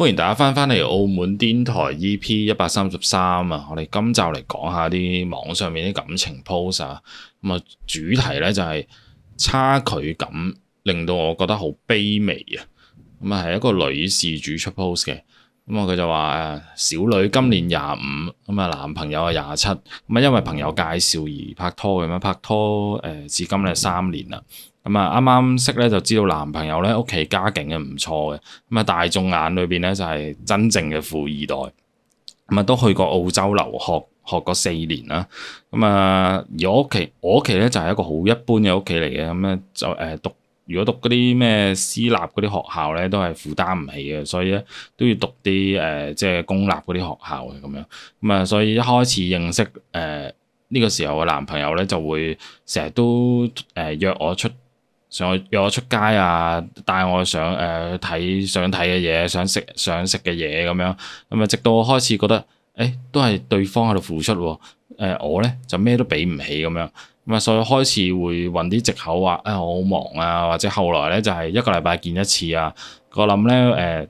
歡迎大家翻返嚟《澳門電台 EP 一百三十三》啊！我哋今集嚟講下啲網上面啲感情 post 啊，咁啊主題呢就係差距感，令到我覺得好卑微啊！咁啊係一個女事主出 post 嘅，咁啊佢就話誒小女今年廿五，咁啊男朋友啊廿七，咁啊因為朋友介紹而拍拖咁樣，拍拖誒至今咧三年啦。咁啊，啱啱識咧就知道男朋友咧屋企家境係唔錯嘅，咁啊大眾眼裏邊咧就係真正嘅富二代，咁啊都去過澳洲留學，學過四年啦。咁啊，而我屋企我屋企咧就係一個好一般嘅屋企嚟嘅，咁咧就誒讀如果讀嗰啲咩私立嗰啲學校咧都係負擔唔起嘅，所以咧都要讀啲誒即係公立嗰啲學校嘅咁樣。咁啊，所以一開始認識誒呢個時候嘅男朋友咧就會成日都誒約我出。想約我出街啊，帶我想誒睇想睇嘅嘢，想食想食嘅嘢咁樣，咁啊直到我開始覺得，誒、欸、都係對方喺度付出喎、啊，誒、呃、我咧就咩都畀唔起咁樣，咁啊所以開始會揾啲藉口話，啊、哎、我好忙啊，或者後來咧就係、是、一個禮拜見一次啊，我諗咧誒。呃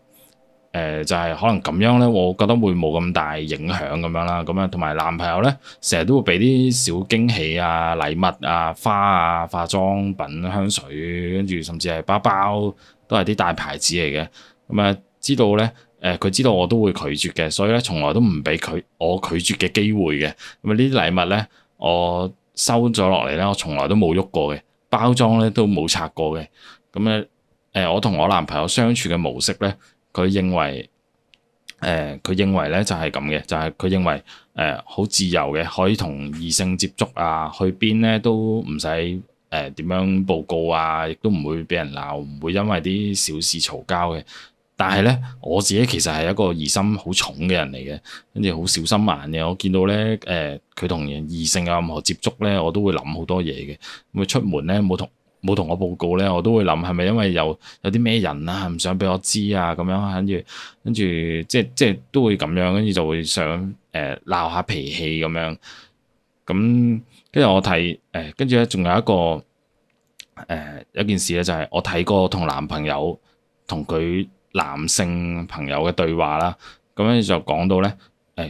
誒就係可能咁樣咧，我覺得會冇咁大影響咁樣啦。咁樣同埋男朋友咧，成日都會俾啲小驚喜啊、禮物啊、花啊、化妝品、香水，跟住甚至係包包都係啲大牌子嚟嘅。咁、嗯、啊，知道咧，誒、呃、佢知道我都會拒絕嘅，所以咧，從來都唔俾佢我拒絕嘅機會嘅。咁、嗯、啊，呢啲禮物咧，我收咗落嚟咧，我從來都冇喐過嘅，包裝咧都冇拆過嘅。咁、嗯、咧，誒、呃、我同我男朋友相處嘅模式咧。佢認為，誒、呃、佢認為咧就係咁嘅，就係、是、佢、就是、認為誒好、呃、自由嘅，可以同異性接觸啊，去邊咧都唔使誒點樣報告啊，亦都唔會俾人鬧，唔會因為啲小事嘈交嘅。但係咧，我自己其實係一個疑心好重嘅人嚟嘅，跟住好小心眼嘅。我見到咧，誒佢同異性有任何接觸咧，我都會諗好多嘢嘅。咁佢出門咧冇同。冇同我報告咧，我都會諗係咪因為有有啲咩人啊，唔想俾我知啊咁樣，跟住跟住即即都會咁樣，跟住就會想誒鬧下脾氣咁樣。咁跟住我睇誒，跟住咧仲有一個誒一件事咧，就係我睇過同男朋友同佢男性朋友嘅對話啦。咁跟住就講到咧。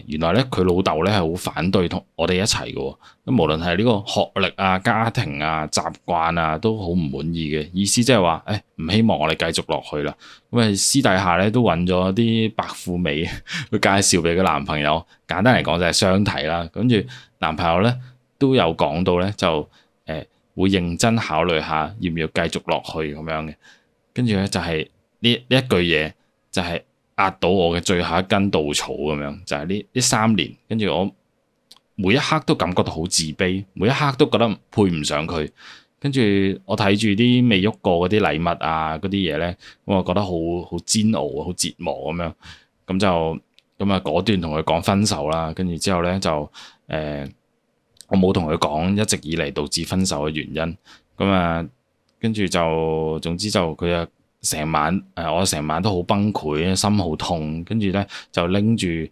原來咧佢老豆咧係好反對同我哋一齊嘅，咁無論係呢個學歷啊、家庭啊、習慣啊，都好唔滿意嘅意思，即係話，誒，唔希望我哋繼續落去啦。咁啊私底下咧都揾咗啲白富美，去 介紹俾佢男朋友。簡單嚟講就係相睇啦，跟住男朋友咧都有講到咧，就誒會認真考慮下，要唔要繼續落去咁樣嘅。跟住咧就係呢呢一句嘢，就是，就係。壓到我嘅最後一根稻草咁樣，就係呢呢三年，跟住我每一刻都感覺到好自卑，每一刻都覺得配唔上佢，跟住我睇住啲未喐過嗰啲禮物啊，嗰啲嘢咧，我就覺得好好煎熬，好折磨咁樣，咁就咁啊果斷同佢講分手啦，跟住之後咧就誒、欸，我冇同佢講一直以嚟導致分手嘅原因，咁啊，跟住就總之就佢啊。成晚誒，我成晚都好崩潰啊，心好痛。跟住咧就拎住誒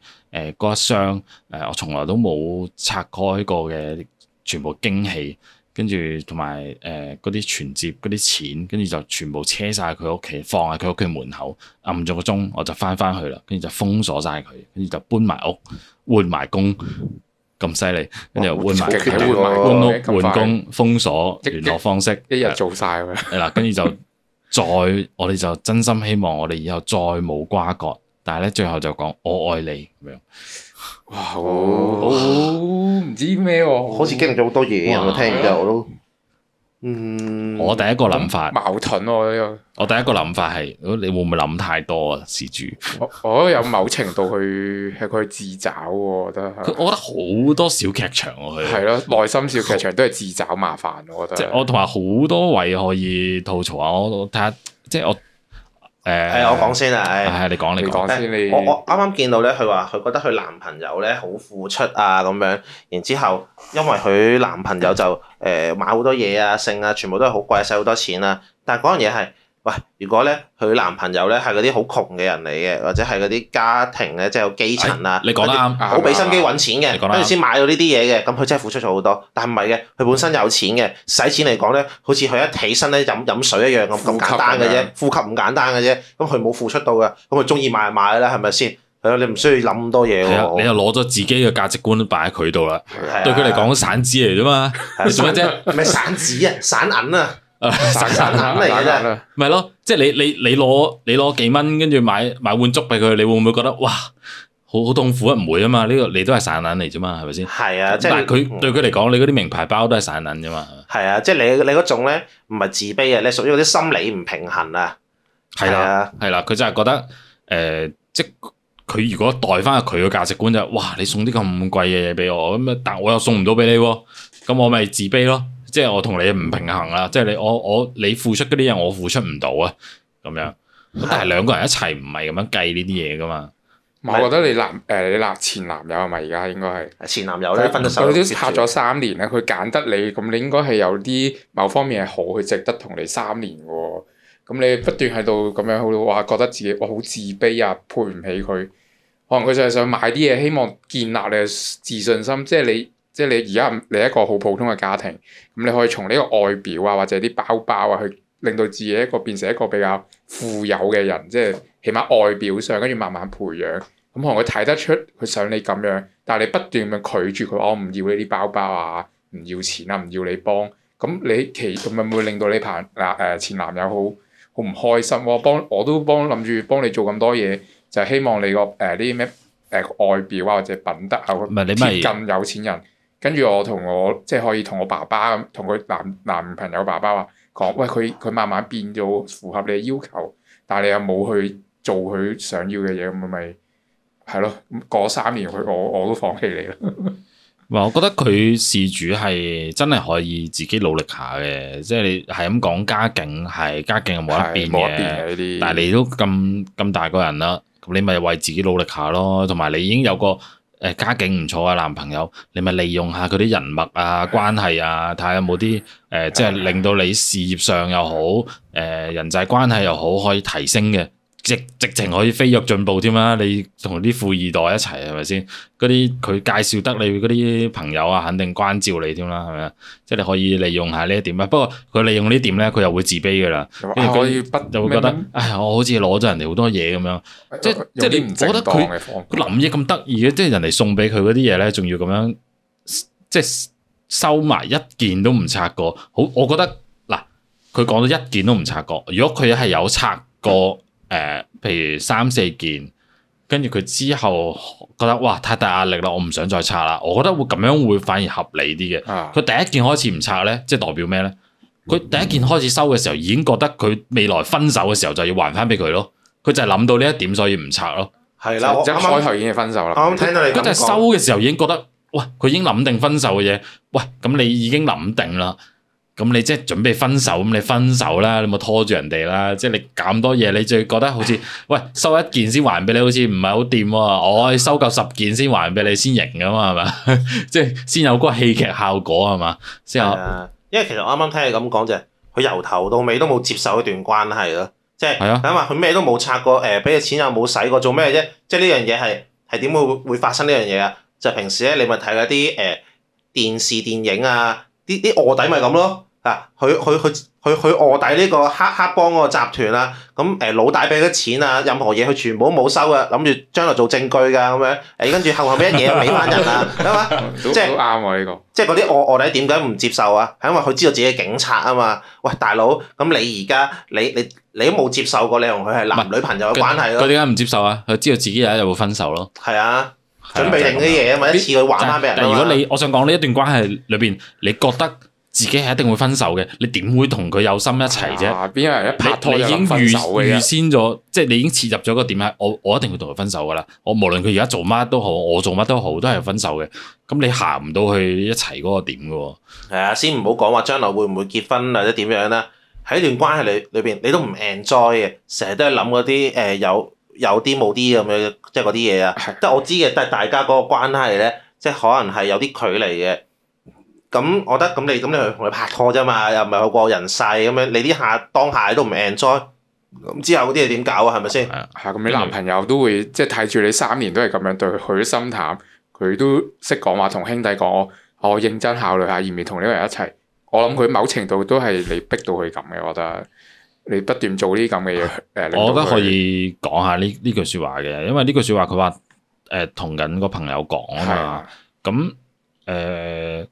嗰一箱誒，我從來都冇拆開過嘅全部驚喜。跟住同埋誒嗰啲存折，嗰啲錢，跟住就全部車晒佢屋企，放喺佢屋企門口，按咗個鐘我就翻翻去啦。跟住就封鎖晒佢，跟住就搬埋屋換埋工咁犀利。跟住又換埋換屋換工，封鎖聯絡方式，一日做晒佢嗱，跟住就。再，我哋就真心希望我哋以後再冇瓜葛。但係咧，最後就講我愛你咁樣。哇，好唔、哦、知咩喎？好似經歷咗好多嘢啊！哇聽我聽完之後我都。嗯，我第一個諗法矛盾咯。啊，呢個我第一個諗法係，嗯、你會唔會諗太多啊？事主，我我有某程度去係佢 自找，我覺得。佢，我覺得好多小劇場，啊，佢係咯，內、啊、心小劇場都係自找麻煩，我，我，我覺得。即係我同埋好多位可以吐槽下。我睇下，即係我。 係啊、欸，我講先啊！誒、欸，你講你講先、欸，我我啱啱見到咧，佢話佢覺得佢男朋友咧好付出啊，咁樣，然之後因為佢男朋友就誒、呃、買好多嘢啊、剩啊，全部都係好貴，使好多錢啊，但係嗰樣嘢係。喂，如果咧佢男朋友咧係嗰啲好窮嘅人嚟嘅，或者係嗰啲家庭咧即係有基層啊，你講啱，好俾心機搵錢嘅，跟住先買到呢啲嘢嘅，咁佢真係付出咗好多。但係唔係嘅，佢本身有錢嘅，使錢嚟講咧，好似佢一起身咧飲飲水一樣咁咁簡單嘅啫，呼吸唔簡單嘅啫，咁佢冇付出到嘅，咁佢中意買就買啦，係咪先？係咯，你唔需要諗咁多嘢，啊啊。你又攞咗自己嘅價值觀擺喺佢度啦，啊、對佢嚟講散紙嚟啫嘛，做乜啫？唔係散紙啊，散銀啊。誒，散散散嚟嘅，咪咯，即係你你你攞你攞幾蚊，跟住買買碗粥俾佢，你會唔會覺得哇，好好痛苦、這個、啊？唔會啊嘛，呢個你都係散撚嚟啫嘛，係咪先？係啊，即係佢對佢嚟講，你嗰啲名牌包都係散撚啫嘛。係啊，即係你你嗰種咧，唔係自卑啊，你屬於嗰啲心理唔平衡啊。係啦，係啦，佢就係覺得誒、呃，即佢如果代翻佢嘅價值觀就係、是，哇，你送啲咁貴嘅嘢俾我，咁但我又送唔到俾你，咁我咪自卑咯。即係我同你唔平衡喇！即係你我我你付出嗰啲嘢，我付出唔到啊！咁樣，的但係兩個人一齊唔係咁樣計呢啲嘢噶嘛？我覺得你男誒、呃、你立前男友係咪而家應該係前男友咧？他分手拍咗三年咧，佢揀得你，咁你應該係有啲某方面係好，佢值得同你三年㗎喎。咁你不斷喺度咁樣哇，覺得自己哇好自卑啊，配唔起佢。可能佢就係想買啲嘢，希望建立你嘅自信心。即係你。即係你而家你一個好普通嘅家庭，咁你可以從呢個外表啊，或者啲包包啊，去令到自己一個變成一個比較富有嘅人，即係起碼外表上跟住慢慢培養，咁可能佢睇得出佢想你咁樣，但係你不斷咁樣拒絕佢，哦，我唔要呢啲包包啊，唔要錢啊，唔要你幫，咁你其唔咪會令到你朋男、呃、前男友好好唔開心啊？我幫我都幫諗住幫你做咁多嘢，就係、是、希望你個呢啲咩誒外表啊，或者品德啊，唔係貼近有錢人。是跟住我同我即係可以同我爸爸咁，同佢男男朋友爸爸話講：喂，佢佢慢慢變咗符合你要求，但係你又冇去做佢想要嘅嘢，咁咪係咯？過三年佢我我都放棄你啦。哇！ 我覺得佢事主係真係可以自己努力下嘅，即係你係咁講家境係家境冇得變嘅，變但係你都咁咁大個人啦，咁你咪為自己努力下咯。同埋你已經有個。誒家境唔錯啊，男朋友，你咪利用下佢啲人脈啊、關係啊，睇下有冇啲誒，即係令到你事業上又好，誒、呃、人際關係又好，可以提升嘅。直直情可以飛躍進步添啦！你同啲富二代一齊係咪先？嗰啲佢介紹得你嗰啲朋友啊，肯定關照你添啦，係咪啊？即係你可以利用下呢一點啊。不過佢利用呢點咧，佢又會自卑噶啦，就會覺得唉、啊哎，我好似攞咗人哋好多嘢咁樣。即即係你唔覺得佢佢諗嘢咁得意嘅？即係人哋送俾佢嗰啲嘢咧，仲要咁樣即係收埋一件都唔拆過。好，我覺得嗱，佢講到一件都唔拆過。如果佢係有拆過。嗯誒、呃，譬如三四件，跟住佢之後覺得哇太大壓力啦，我唔想再拆啦。我覺得會咁樣會反而合理啲嘅。佢、啊、第一件開始唔拆咧，即係代表咩咧？佢第一件開始收嘅時候已經覺得佢未來分手嘅時候就要還翻俾佢咯。佢就係諗到呢一點所以唔拆咯。係啦的，即係就開頭已經分手啦。啱啱聽到你，佢就係收嘅時候已經覺得，喂，佢已經諗定分手嘅嘢。喂，咁你已經諗定啦。咁你即係準備分手，咁你分手啦，你冇拖住人哋啦，即係你咁多嘢，你最覺得好似，喂，收一件先還俾你好似唔係好掂喎，我收夠十件先還俾你先贏噶嘛，係咪？ 即係先有嗰個戲劇效果係嘛？先啊，因為其實我啱啱聽你咁講就係，佢由頭到尾都冇接受一段關係咯，即係，等話佢咩都冇拆過，誒俾嘅錢又冇使過，做咩啫？即係呢樣嘢係係點會會發生呢樣嘢啊？就係、平時咧，你咪睇嗰啲誒電視電影啊，啲啲卧底咪咁咯。佢佢佢佢佢臥底呢個黑黑幫嗰個集團啊，咁、嗯、誒老大俾咗錢啊，任何嘢佢全部都冇收啊。諗住將來做證據㗎咁樣，誒跟住後後一嘢俾翻人啊，係嘛？即係好啱啊呢個，即係嗰啲臥臥底點解唔接受啊？係因為佢知道自己係警察啊嘛。喂，大佬，咁你而家你你你都冇接受過，你同佢係男女朋友嘅關係咯、啊。佢點解唔接受啊？佢知道自己有一日會分手咯。係啊，準備定啲嘢啊，咪、就是、一次去玩翻俾人是。如果你我想講呢一段關係裏邊，你覺得？自己係一定會分手嘅，你點會同佢有心一齊啫？邊係、啊、一拍拖你你已經預預先咗，即係你已經切入咗個點係，我我一定會同佢分手噶啦。我無論佢而家做乜都好，我做乜都好，都係分手嘅。咁你行唔到去一齊嗰個點㗎喎？係啊，先唔好講話將來會唔會結婚或者點樣啦。喺段關係裏裏邊，你都唔 enjoy 嘅，成日都係諗嗰啲誒有有啲冇啲咁樣，即係嗰啲嘢啊。即係 我知嘅，但係大家嗰個關係咧，即係可能係有啲距離嘅。咁我覺得咁你咁你去同佢拍拖啫嘛，又唔係過人世咁樣，你啲下當下你都唔 enjoy，咁之後嗰啲嘢點搞啊？係咪先？係咁你男朋友都會即係睇住你三年都係咁樣對佢，佢心淡，佢都識講話同兄弟講，我認真考慮下，而唔係同呢個人一齊。我諗佢某程度都係你逼到佢咁嘅，我覺得你不斷做呢啲咁嘅嘢，我覺得可以講下呢呢句説話嘅，因為呢句説話佢話誒同緊個朋友講啊嘛，咁誒。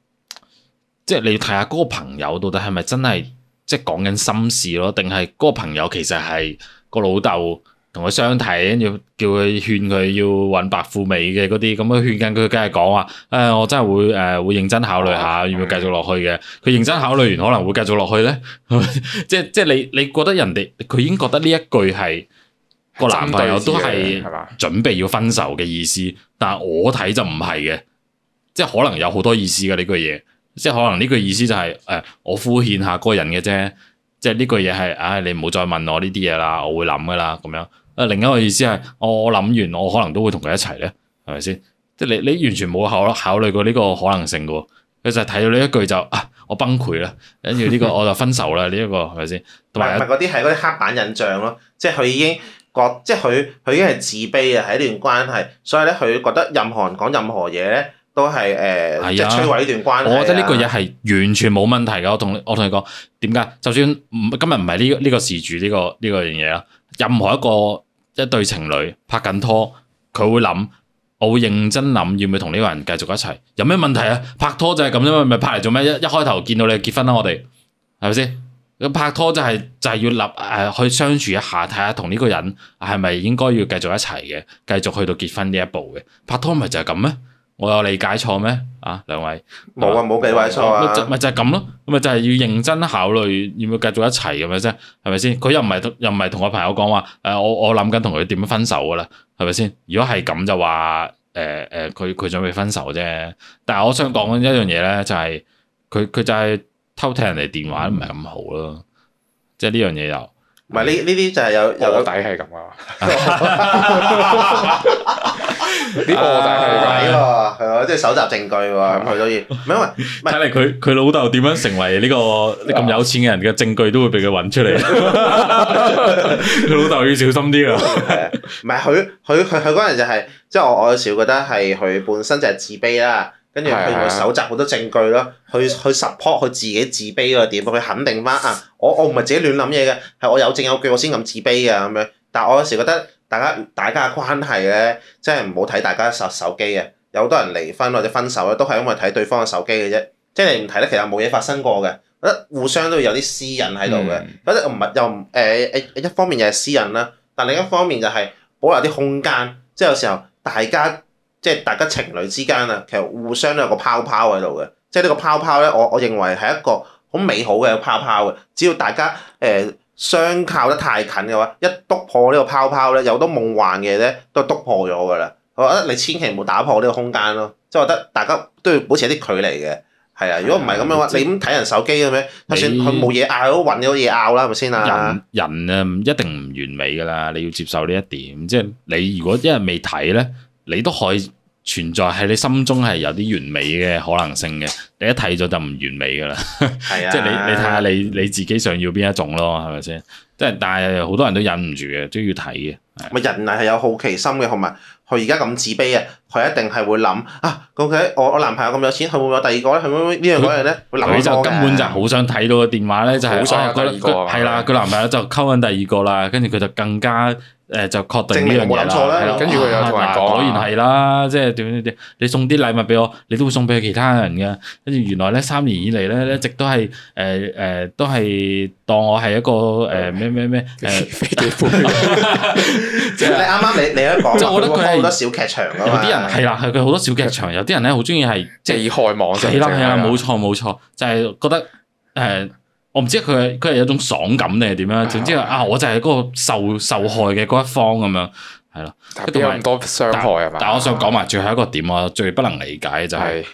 即係你睇下嗰個朋友到底係咪真係即係講緊心事咯？定係嗰個朋友其實係個老豆同佢相睇，跟住叫佢勸佢要揾白富美嘅嗰啲咁樣勸緊佢，梗係講話誒，我真係會誒、呃、會認真考慮下，要要下，要唔要繼續落去嘅？佢認真考慮完可能會繼續落去咧。 即係即係你你覺得人哋佢已經覺得呢一句係個男朋友都係係嘛準備要分手嘅意思，但係我睇就唔係嘅，即係可能有好多意思嘅呢句嘢。即係可能呢句意思就係、是、誒、哎，我敷衍下個人嘅啫。即係呢句嘢係，唉、哎，你唔好再問我呢啲嘢啦，我會諗噶啦咁樣。啊，另一個意思係，我諗完我可能都會同佢一齊咧，係咪先？即係你你完全冇考考慮過呢個可能性㗎喎。佢就睇到呢一句就啊，我崩潰啦，跟住呢個我就分手啦，呢一、 這個係咪先？同埋嗰啲係嗰啲黑板印象咯，即係佢已經覺，即係佢佢已經係自卑啊，喺呢段關係，所以咧佢覺得任何人講任何嘢咧。都係誒，即係摧毀呢段關係、啊、我覺得呢個嘢係完全冇問題嘅。我同我同你講點解？就算今日唔係呢呢個事主呢、呢個呢、呢個樣嘢啦，任何一個一對情侶拍緊拖，佢會諗，我會認真諗，要唔要同呢個人繼續一齊？有咩問題啊？拍拖就係咁啫嘛，咪拍嚟做咩？一一開頭見到你結婚啦，我哋係咪先？拍拖就係、係、就係、係、要立誒、啊、去相處一下，睇下同呢個人係咪應該要繼續一齊嘅，繼續去到結婚呢一步嘅。拍拖咪就係咁咩？我有理解錯咩？啊，兩位，冇啊，冇幾位錯啊，咪、啊、就係咁咯，咁咪就係、係就係、要認真考慮要唔要繼續一齊咁咪啫，係咪先？佢又唔係又唔係同我朋友講話，誒、啊，我我諗緊同佢點分手噶啦，係咪先？如果係咁就話，誒、啊、誒，佢、啊、佢準備分手啫。但係我想講一樣嘢咧，就係佢佢就係偷聽人哋電話唔係咁好咯，嗯、即係呢樣嘢又，唔係呢呢啲就係有有底係咁啊。 呢個就係睇喎，係即係搜集證據喎，咁佢所以，唔係，睇嚟佢佢老豆點樣成為呢、呢個咁、啊、有錢嘅人嘅證據都會俾佢揾出嚟，佢、啊、 老豆要小心啲啊！唔係、 啊，佢佢佢佢嗰陣就係、是，即係我我有時覺得係佢本身就係自卑啦，跟住佢會搜集好多證據咯，去去 support 佢自己自卑嗰個點，去肯定翻啊！我我唔係自己亂諗嘢嘅，係我有證有據，我先咁自卑啊咁樣。但係我有時,有時我覺得。大家大家嘅關係咧，即係唔好睇大家手手機嘅，有好多人離婚或者分手咧，都係因為睇對方嘅手機嘅啫。即係你唔睇咧，其實冇嘢發生過嘅。覺得互相都會有啲私隱喺度嘅，嗯、覺得唔係又唔誒、呃、一方面又係私隱啦，但另一方面就係保留啲空間。即係有時候大家即係大家情侶之間啊，其實互相都有個泡泡喺度嘅。即係呢個泡泡咧，我我認為係一個好美好嘅泡泡嘅，只要大家誒。呃相靠得太近嘅話，一篤破呢個泡泡咧，有好多夢幻嘅咧都篤破咗噶啦。我覺得你千祈唔好打破呢個空間咯，即係我覺得大家都要保持一啲距離嘅。係啊，如果唔係咁樣嘅話，嗯、你咁睇人手機咁樣，就你算佢冇嘢拗，都揾到嘢拗啦，係咪先啊？啊人啊，一定唔完美噶啦，你要接受呢一點。即係你如果因為未睇咧，你都可以。存在喺你心中係有啲完美嘅可能性嘅，你一睇咗就唔完美噶啦。係啊，即係 你看看你睇下你你自己想要邊一種咯，係咪先？即係但係好多人都忍唔住嘅，都要睇嘅。咪、啊、人係係有好奇心嘅，同埋佢而家咁自卑啊，佢一定係會諗啊，OK，我我男朋友咁有錢，佢會唔會有第二個咧，係咪呢樣嗰樣咧？佢就根本就好想睇到個電話咧，就係覺得係啦，佢的男朋友就溝緊第二個啦，跟住佢就更加。誒就確定呢樣嘢啦，跟住佢又同人講，果然係啦，即係點點點，你送啲禮物俾我，你都會送俾其他人嘅。跟住原來咧三年以嚟咧一直都係誒誒，都係當我係一個誒咩咩咩誒飛機飛機。即係你啱啱你你講，即係我覺得佢好多小劇場啊嘛。有啲人係啦，係佢好多小劇場，有啲人咧好中意係即係害網。係啦係啦，冇錯冇錯，就係覺得誒。我唔知佢佢係有種爽感定係點樣？總之啊，我就係嗰個受受害嘅嗰一方咁樣，係咯，有咁多傷害係嘛。但我想講埋最後一個點，我最不能理解就係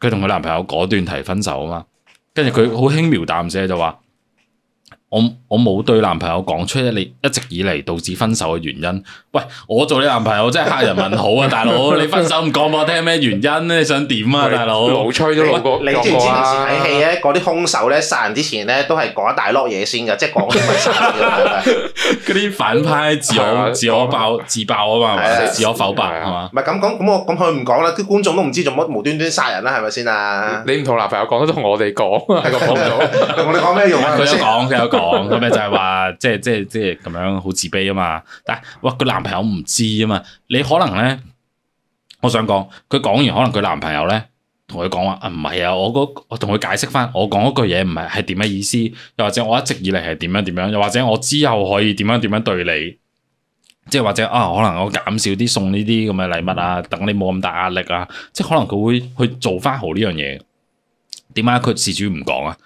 佢同佢男朋友果斷提分手啊嘛，跟住佢好輕描淡寫就話。我我冇對男朋友講出你一直以嚟導致分手嘅原因。喂，我做你男朋友真係客人問好啊，大佬，你分手唔講俾我聽咩原因咧？你想點啊，大佬？老吹都你，你知唔知？平時睇戲咧，嗰啲凶手咧殺人之前咧都係講一大粒嘢先噶，即係講嗰啲反派自我自，我爆自爆自爆啊嘛， 啊自我否白係嘛？唔係咁講咁我咁佢唔講啦，啲觀眾都唔知做乜無端端殺人啦，係咪先啊？你唔同男朋友講都同我哋講，係個觀眾同我哋講咩用啊？佢 有講，佢有講。講咁咩 就係話，即係即係即係咁樣，好自卑啊嘛！但係，哇，佢男朋友唔知啊嘛。你可能咧，我想講，佢講完，可能佢男朋友咧，同佢講話啊，唔係啊，我我同佢解釋翻，我講嗰句嘢唔係係點嘅意思，又或者我一直以嚟係點樣點樣，又或者我之後可以點樣點樣對你，即係或者啊，可能我減少啲送呢啲咁嘅禮物啊，等你冇咁大壓力啊，即係可能佢會去做翻好呢樣嘢。點解佢事主唔講啊？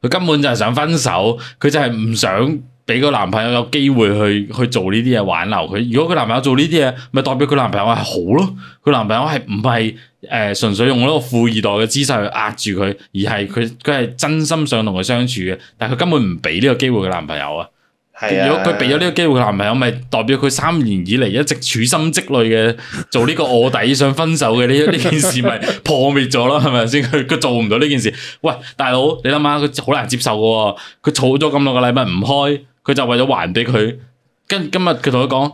佢根本就係想分手，佢就係唔想畀個男朋友有機會去去做呢啲嘢挽留佢。如果佢男朋友做呢啲嘢，咪代表佢男朋友係好咯。佢男朋友係唔係誒純粹用呢個富二代嘅姿勢去壓住佢，而係佢佢係真心想同佢相處嘅。但係佢根本唔畀呢個機會佢男朋友啊。啊、如果佢俾咗呢個機會，男朋友咪代表佢三年以嚟一直處心積慮嘅，做呢個臥底 想分手嘅呢呢件事咪破滅咗咯？係咪先佢佢做唔到呢件事？喂，大佬你諗下，佢好難接受嘅，佢儲咗咁耐個禮物唔開，佢就為咗還俾佢。今今日佢同佢講，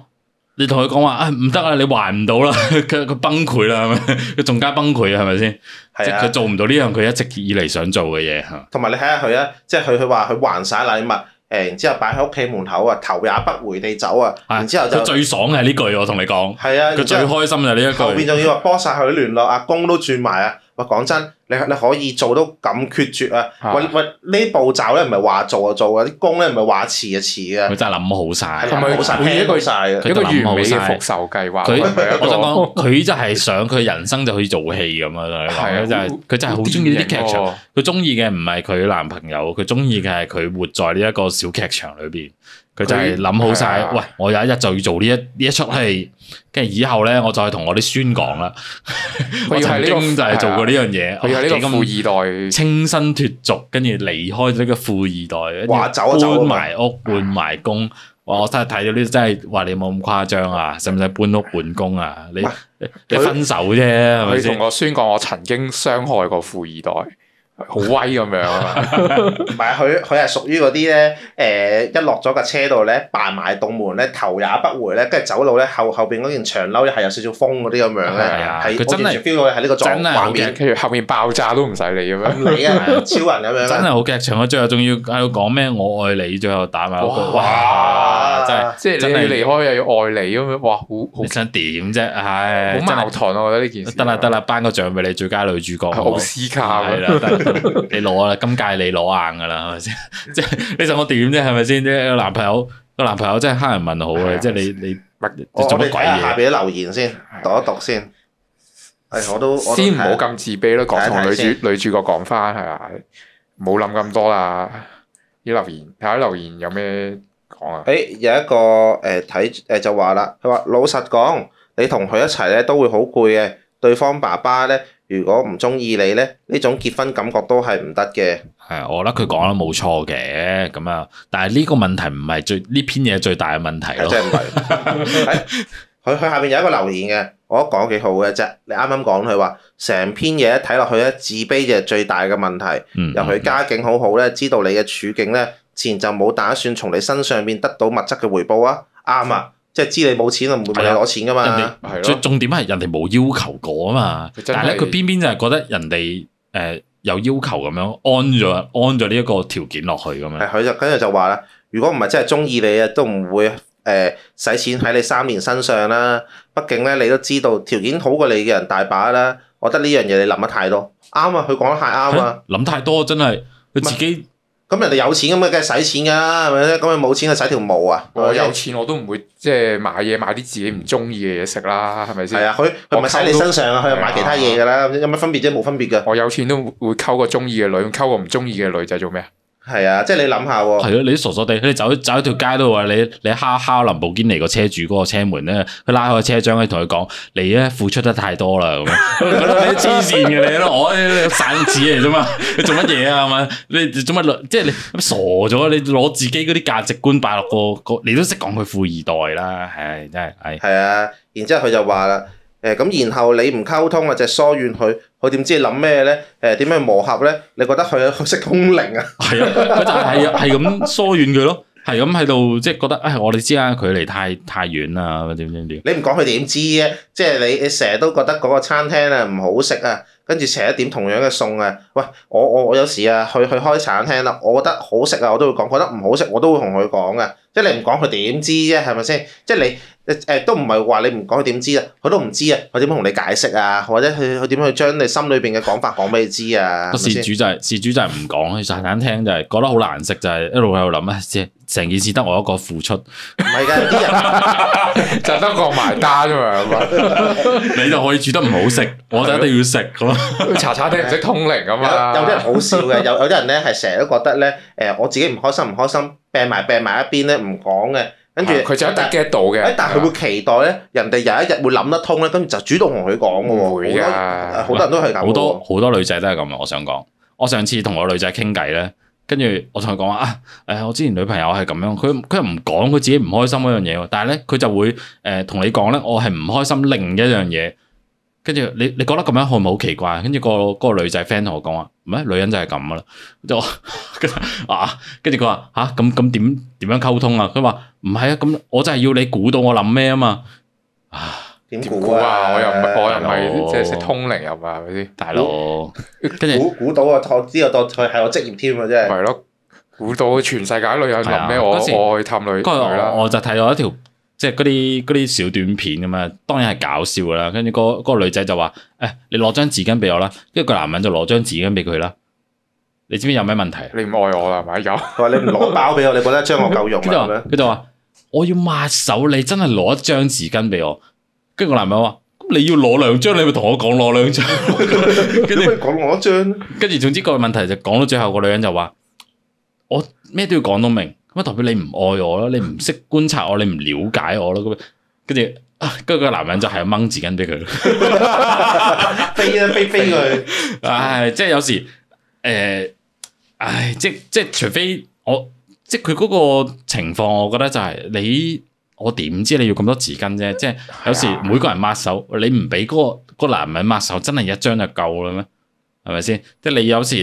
你同佢講話啊，唔得啊，你還唔到啦，佢 佢崩潰啦，佢仲加崩潰啊，係咪先？係佢做唔到呢樣佢一直以嚟想做嘅嘢吓。同埋你睇下佢啊，即係佢佢話佢還晒禮物。然之後擺喺屋企門口啊，頭也不回地走啊，的然之後就最爽嘅係呢句我同你講，係啊的，佢最開心就係呢一句，後,後面仲要話幫晒佢聯絡阿公都轉埋啊。喂，講真，你你可以做到咁決絕啊！喂喂，呢步驟咧唔係話做就做啊，啲工咧唔係話辭就辭啊！佢真係諗好晒，係咪每一句曬，一個完美復仇計劃。佢，我想講，佢就係想佢人生就可以做戲咁樣啊！係啊，就係佢真係好中意呢啲劇場。佢中意嘅唔係佢男朋友，佢中意嘅係佢活在呢一個小劇場裏邊。佢就係諗好晒，喂！我有一日就要做呢一呢一出戲，跟住以後咧，我再同我啲孫講啦。我曾經就係做過呢樣嘢，佢係呢個富二代，清新脫俗，跟住離開咗呢個富二代，話走啊，搬埋屋搬埋工。我真係睇到呢，真係話你冇咁誇張啊！使唔使搬屋搬工啊？你你分手啫，係咪先？佢同個孫講，我曾經傷害過富二代。好威咁樣，唔係佢佢，係屬於嗰啲咧，誒一落咗架車度咧，扮埋棟門咧，頭也不回咧，跟住走路咧後後邊嗰件長褸又係有少少風嗰啲咁樣咧，係我完全 feel 到係呢個狀態，跟住後面爆炸都唔使理咁樣，超人咁樣，真係好劇場啊！最後仲要喺度講咩？我愛你，最後打埋，哇，真係即係你要離開又要愛你咁樣，哇好好想點啫，唉，好埋啊。我覺得呢件得啦得啦，頒個獎俾你最佳女主角好奧斯卡。你攞啦，今屆你攞硬噶啦，係咪先？即係你想我點啫，係咪先？即係個男朋友，個男朋友真係黑人問號嘅，即係你你乜做乜鬼嘢？我睇下下邊啲留言先，讀一讀先。係我都先唔好咁自卑咯，講同女主女主角講翻係啊，冇諗咁多啦。啲留言睇下啲留言有咩講啊？誒，有一個誒睇誒就話啦，佢話老實講，你同佢一齊咧都會好攰嘅，對方爸爸咧。如果唔中意你咧，呢種結婚感覺都係唔得嘅。係，我覺得佢講得冇錯嘅，咁啊，但係呢個問題唔係最呢篇嘢最大嘅問題咯。真係唔係，佢佢下邊有一個留言嘅，我都講幾好嘅啫。你啱啱講佢話成篇嘢睇落去咧，自卑嘅最大嘅問題。由佢、嗯嗯嗯、家境好好咧，知道你嘅處境咧，自然就冇打算從你身上邊得到物質嘅回報啊。啱唔即係知你冇錢啊，唔會問你攞錢㗎嘛。即重點係人哋冇要求過啊嘛。真但係咧，佢偏偏就係覺得人哋誒、呃、有要求咁樣安咗安咗呢一個條件落去咁樣。佢就跟住就話啦，如果唔係真係中意你啊，都唔會誒使、呃、錢喺你三年身上啦。畢竟咧，你都知道條件好過你嘅人大把啦。我覺得呢樣嘢你諗得太多。啱啊，佢講得太啱啊。諗太多真係，佢自己。咁人哋有錢咁啊，梗係使錢噶啦，係咪咧？咁你冇錢啊，使條毛啊！我有錢我都唔會即係買嘢買啲自己唔中意嘅嘢食啦，係咪先？係啊，佢佢咪使你身上啊，佢又買其他嘢噶啦，啊、有乜分別啫？冇分別噶。我有錢都會溝個中意嘅女，溝個唔中意嘅女仔做咩啊？.係啊，即係你諗下、啊，係咯、啊，你都傻傻地，你走走喺條街度，你你敲敲林寶堅尼個車主嗰個車門咧，佢拉開車窗，佢同佢講：你咧付出得太多啦，咁， 你都黐線嘅你咯，我散紙嚟啫嘛，你做乜嘢啊？係咪？你做乜？即、就、係、是、你，你傻咗？你攞自己嗰啲價值觀擺落個個，你都識講佢富二代啦，係真係係。係啊，啊，啊，然之後佢就話啦，誒，咁然後你唔溝通啊，就疏遠佢。我點知你諗咩咧？誒點樣磨合咧？你覺得佢佢識通靈啊？係 啊， 佢就係係咁疏遠佢咯，係咁喺度即係覺得啊、哎，我哋之間距離太太遠啦，點點點。你唔講佢點知啫？即係你你成日都覺得嗰個餐廳啊唔好食啊，跟住成日點同樣嘅餸啊。喂，我我我有時啊去去，去開餐廳啦，我覺得好食啊，我都會講，覺得唔好食我都會同佢講嘅。即係你唔講佢點知啫？係咪先？即係你。誒，都唔係話你唔講佢點知啊，佢都唔知啊，佢點同你解釋啊，或者佢佢點樣去將你心裏邊嘅講法講俾你知啊？事主就係、是、事 主就係唔講，茶餐廳就係覺得好難食，就係、是、一路喺度諗啊，成件事得我一個付出，唔係噶，有啲人就得個埋家埋單啫嘛， 你就可以煮得唔好食，我就一定要食咁啊，茶餐廳唔識通靈咁樣，有啲人好笑嘅，有有啲人咧係成日都覺得咧，誒，我自己唔開心唔開心，病埋病埋一邊咧唔講嘅。跟住佢就一突 get 到嘅，但係佢的會期待咧，人哋有一日會諗得通咧，跟住就主動同佢講嘅喎，好、嗯、多好、啊、多人都係咁，好多好多女仔都係咁嘅。我想講，我上次同我女仔傾偈咧，跟住我同佢講話啊，誒、哎，我之前女朋友係咁樣，佢佢唔講佢自己唔開心嗰樣嘢喎，但係咧佢就會誒同、呃、你講咧，我係唔開心另一樣嘢。跟住你你覺得咁樣係咪好奇怪？跟住、嗰個、嗰個女仔 friend 同我講話，咩女人就係咁噶啦。就跟住啊，跟住佢話吓咁咁點點樣溝通啊？佢話唔係啊，咁我真係要你估到我諗咩啊嘛。啊，點估啊？我又唔哥我又唔係即係識通靈啊嘛嗰啲大佬哥。 估估到啊！我知道當佢係我職業添啊，真係。係咯，估到全世界女人諗咩、啊、我我去氹女女啦。時我就睇到一條。即係嗰啲啲小短片咁啊，當然係搞笑噶啦。跟住嗰嗰個女仔就話：誒、欸，你攞張紙巾畀我啦。跟住個男人就攞張紙巾畀佢啦。你知唔知有咩問題？你唔愛我啦，係咪啊？佢話你唔攞包畀我，你覺得張我夠用。 」跟住佢就話：我要抹手，你真係攞張紙巾畀我。跟住個男人話：你要攞兩張，你咪同我講攞兩張。跟住講我一張。跟住總之個問題就講、是、到最後，個女人就話：我咩都要講到明。乜代表你唔愛我咯？你唔識觀察我，你唔了解我咯？咁跟住，跟住個男人就係掹紙巾俾佢 ，飛啦飛飛佢。唉、 哎，即係有時，誒、呃，唉、哎，即係即係，除非我，即係佢嗰個情況，我覺得就係你，我點知你要咁多紙巾啫？即係有時每個人抹手，你唔俾嗰個個男人抹手，真係一張就夠啦咩？係咪先？即係你有時你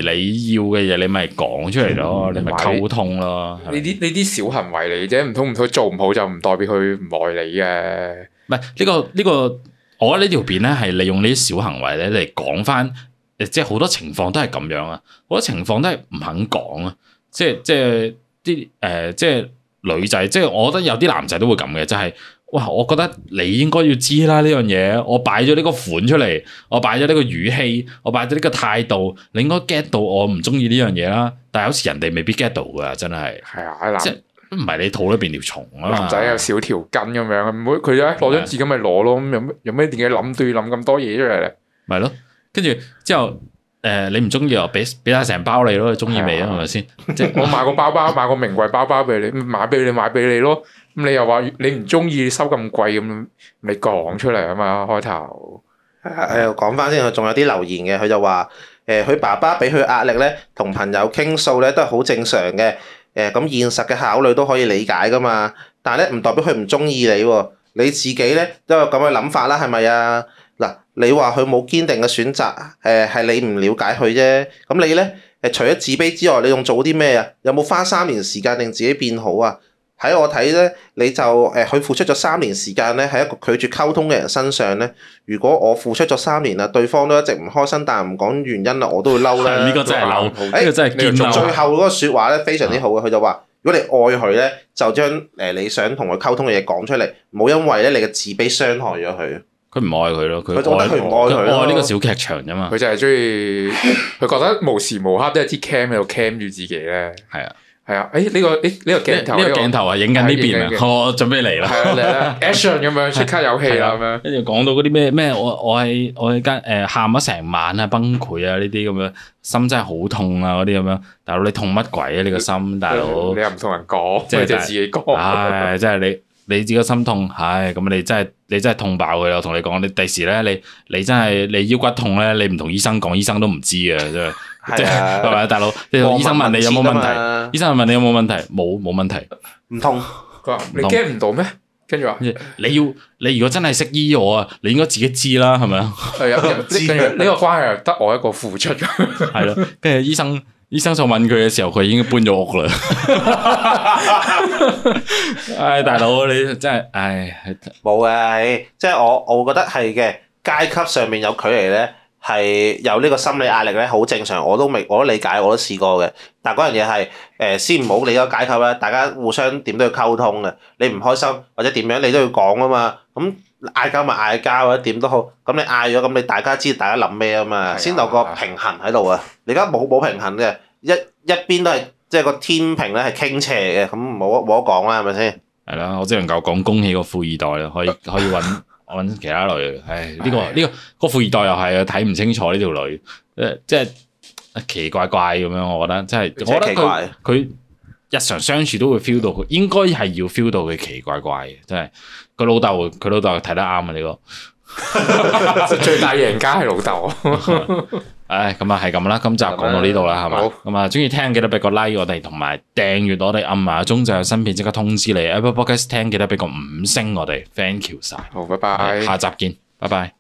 要嘅嘢，你咪講出嚟咯，你咪溝通咯。呢啲呢啲小行為嚟啫，唔通唔通做唔好就唔代表佢唔愛你嘅？唔係呢個呢個，我覺得呢條片咧係利用呢啲小行為咧嚟講翻，即係好多情況都係咁樣啊，好多情況都係唔肯講啊，即係即係啲誒，即係女仔，即係我覺得有啲男仔都會咁嘅，就係。哇！我覺得你應該要知啦呢樣嘢，我擺咗呢個款出嚟，我擺咗呢個語氣，我擺咗呢個態度，你應該 get 到我唔中意呢樣嘢啦。但係有時人哋未必 get 到嘅，真係。係啊的，即係唔係你肚裏邊條蟲啊，男仔有少條筋咁樣，唔會佢啊攞張紙咁咪攞咯，咁有咩的有咩點解諗對諗咁多嘢出嚟咧？咪咯，跟住之後。誒、呃、你唔中意又俾俾曬成包你咯，你中意未啊？係咪先？係係即係 我買個包包，買個名貴包包俾你，買俾你買俾你咯。咁你又話你唔中意收咁貴咁，你講出嚟啊嘛開頭。係啊，講翻先佢仲有啲留言嘅，佢就話誒佢爸爸俾佢壓力咧，同朋友傾訴咧都係好正常嘅。誒、呃、咁現實嘅考慮都可以理解噶嘛。但係咧唔代表佢唔中意你喎、啊。你自己咧都有咁嘅諗法啦，係咪啊？你話佢冇堅定嘅選擇，誒係你唔了解佢啫。咁你咧誒除咗自卑之外，你仲做啲咩啊？有冇花三年時間令自己變好啊？喺我睇咧，你就誒佢付出咗三年時間咧，喺一個拒絕溝通嘅人身上咧。如果我付出咗三年啦，對方都一直唔開心，但係唔講原因啦，我都會嬲啦。呢個真係嬲，呢個真係最後嗰個説話咧，非常之好嘅，佢就話：如果你愛佢咧，就將誒你想同佢溝通嘅嘢講出嚟，唔好因為咧你嘅自卑傷害咗佢。佢唔愛佢咯，佢愛佢愛呢個小劇場啫嘛。佢就係中意，佢覺得無時無刻都係啲 cam 喺度 cam 住自己咧。係啊，係啊，誒呢個誒呢個鏡頭呢個鏡頭啊，影緊呢邊啊，我準備嚟啦，係啊嚟啦 action 咁樣即刻有戲啦咁樣。跟住講到嗰啲咩咩，我我係我喺間誒喊咗成晚啊崩潰啊呢啲咁樣，心真係好痛啊嗰啲咁樣。大佬你痛乜鬼啊？你個心大佬你又唔同人講，即係自己講。唉，真係你。你自己心痛，唉，咁你真係你真係痛爆佢啦！我同你講，你第時咧，你你真係你腰骨痛咧，你唔同醫生講，醫生都唔知嘅，真係係咪啊， 吧大佬？問問 醫生問你有冇問題，醫生問你有冇問題，冇冇問題，唔痛。佢話你驚唔到咩？跟住話你要你如果真係識醫我啊，你應該自己知啦，係咪啊？係啊，知。呢 個關係得我一個付出 life, 係咯。跟住醫生。醫生想問佢嘅時候，佢已經搬咗屋啦。唉，大佬，你真係唉，冇、哎、啊，即係我，我覺得係嘅階級上面有距離咧，係有呢個心理壓力咧，好正常，我都未，我都理解，我都試過嘅。但係嗰樣嘢係誒，先唔好理咗階級啦，大家互相點都要溝通嘅。你唔開心或者點樣，你都要講啊嘛。咁。嗌交咪嗌交，或者點都好，咁你嗌咗，咁你大家知大家諗咩啊嘛，先留、哎、呀個平衡喺度啊！哎、呀你而家冇冇平衡嘅，一一邊都係即係個天平咧係傾斜嘅，咁冇冇得講啦，係咪先？係啦，我只能夠講恭喜個富二代咯，可以可以揾揾 其他女。唉，呢、呢個呢、哎呀呢個、呢個富二代又係啊，睇唔清楚呢條女，即係奇怪怪咁樣，我覺得真係，好奇怪。佢。日常相處都會 feel 到佢，應該係要 feel 到佢奇怪怪嘅，真係佢老豆佢老豆睇得啱啊！你、這個 最大贏家係老豆。唉、 哎，咁啊係咁啦，今集講到呢度啦，係嘛嗎？吧好。咁啊、嗯，中意聽記得俾個 like，我哋同埋訂閱我哋按埋鐘就有新片即刻通知你。Apple Podcast 聽記得俾個五星我哋，thank you 晒！好，拜拜，下集見，拜拜。